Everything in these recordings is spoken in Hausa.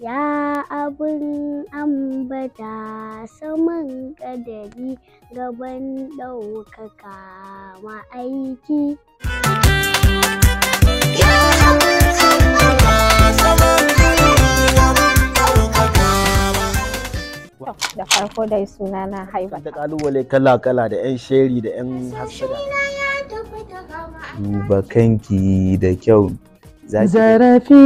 ya abin ambata saman kadari gaban ɗaukaka ma'aiki. Ya abin Da farko dai suna na haiba. Da kalubale kala-kala da 'yan sheri da 'yan hasada. Duba kanki da kyau zarafi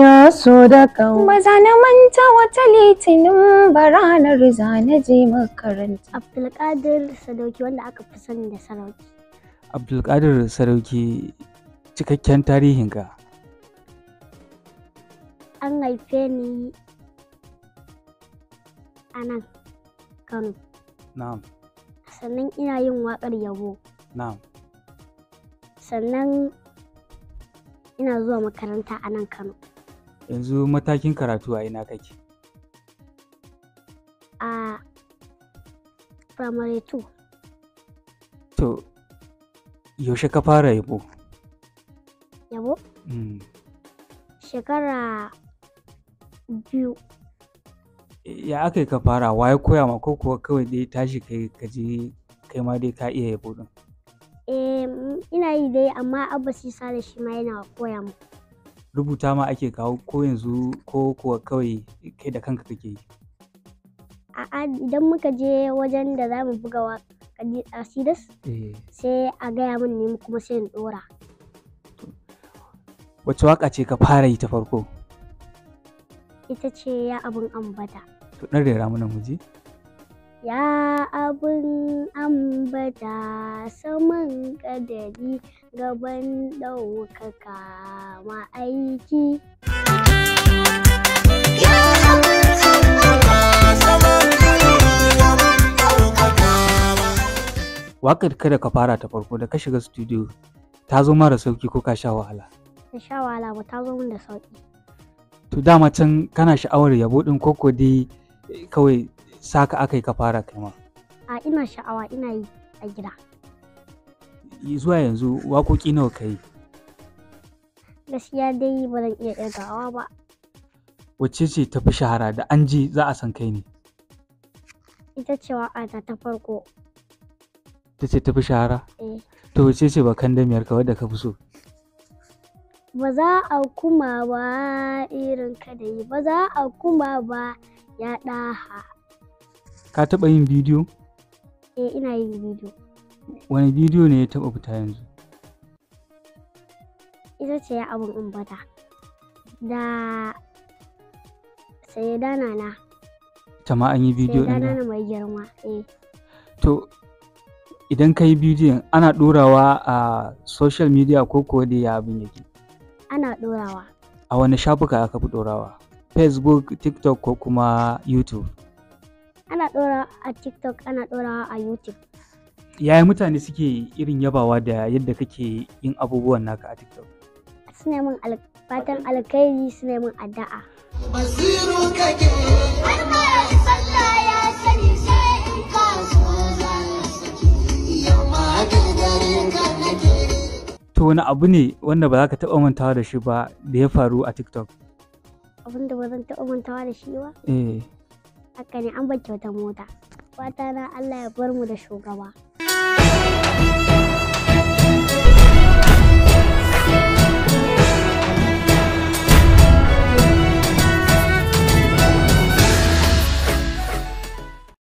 ya so da kawo ba na manta wata litinin ba ranar zane je makaranta abdulkadir sadauki wanda aka fi sani da sarauki abdulkadir sadauki cikakken tarihin ka. an haife ni a nan kano na'am sannan ina yin waƙar yabo na'am sannan ina zuwa makaranta a nan Kano. Yanzu matakin karatu a ina kake? A primary 2. To, yaushe ka fara yabo? Yabo? Mm. Shekara biyu. Ya aka yi ka fara waye koya ma ko kuwa kawai dai tashi kai kaji kai ma dai ka iya yabo din? Eh, yi dai amma abba sa da shi ma yana koya mu rubuta ma ake kawo ko yanzu ko kuwa kawai kai da kanka kake yi a'a idan muka je wajen da za mu buga wa asidas eh. sai a gaya min ne kuma sai in dora wacce waka ce ka fara yi ta farko ita ce ya abin ambata to dan rera mana muje ya abin ambata saman kadari gaban ɗaukaka ma'aiki. Ya abin Waƙar kada ka fara ta farko da ka shiga studio ta zo mara sauki ko ka sha wahala? Ta sha wahala ba ta zo min da sauki. To dama can kana sha'awar yabo ɗin koko dai kawai saka aka yi ka fara kai ma a ina sha'awa ina yi a gida zuwa yanzu waƙoƙi nawa ka yi gaskiya dai ba zan iya ƙirgawa ba wacce ce ta fi shahara da an ji za a san kai ne ita ce waƙa ta farko ta ce ta fi shahara eh. to wacce ce bakan damiyar ka wadda ka fi so ba za a kuma ba irin kadai ba za a kuma ba ya ɗaha Ka taba yin bidiyo? Eh ina yin bidiyo. Wani bidiyo ne ya taba fita yanzu? Ita ce ya abin in bata. Da sai dana na. ta ma an yi bidiyo ɗin da? mai girma, eh. To, idan ka yi bidiyon ana ɗorawa a social media ko kuwa da ya abin yake? Ana ɗorawa. A wani shafuka aka fi ɗorawa? Facebook, TikTok ko kuma YouTube? ana ɗorawa a tiktok ana ɗorawa a youtube yaya mutane suke irin yabawa da yadda kake yin abubuwan naka a tiktok suna min fatan alkhairi suna min addu'a kake to wani abu ne wanda ba za ka taɓa mantawa da shi ba da ya faru a tiktok abin da ba zan taɓa mantawa da shi ba eh haka ne an ba kyautar mota fata na Allah ya bar mu da shugaba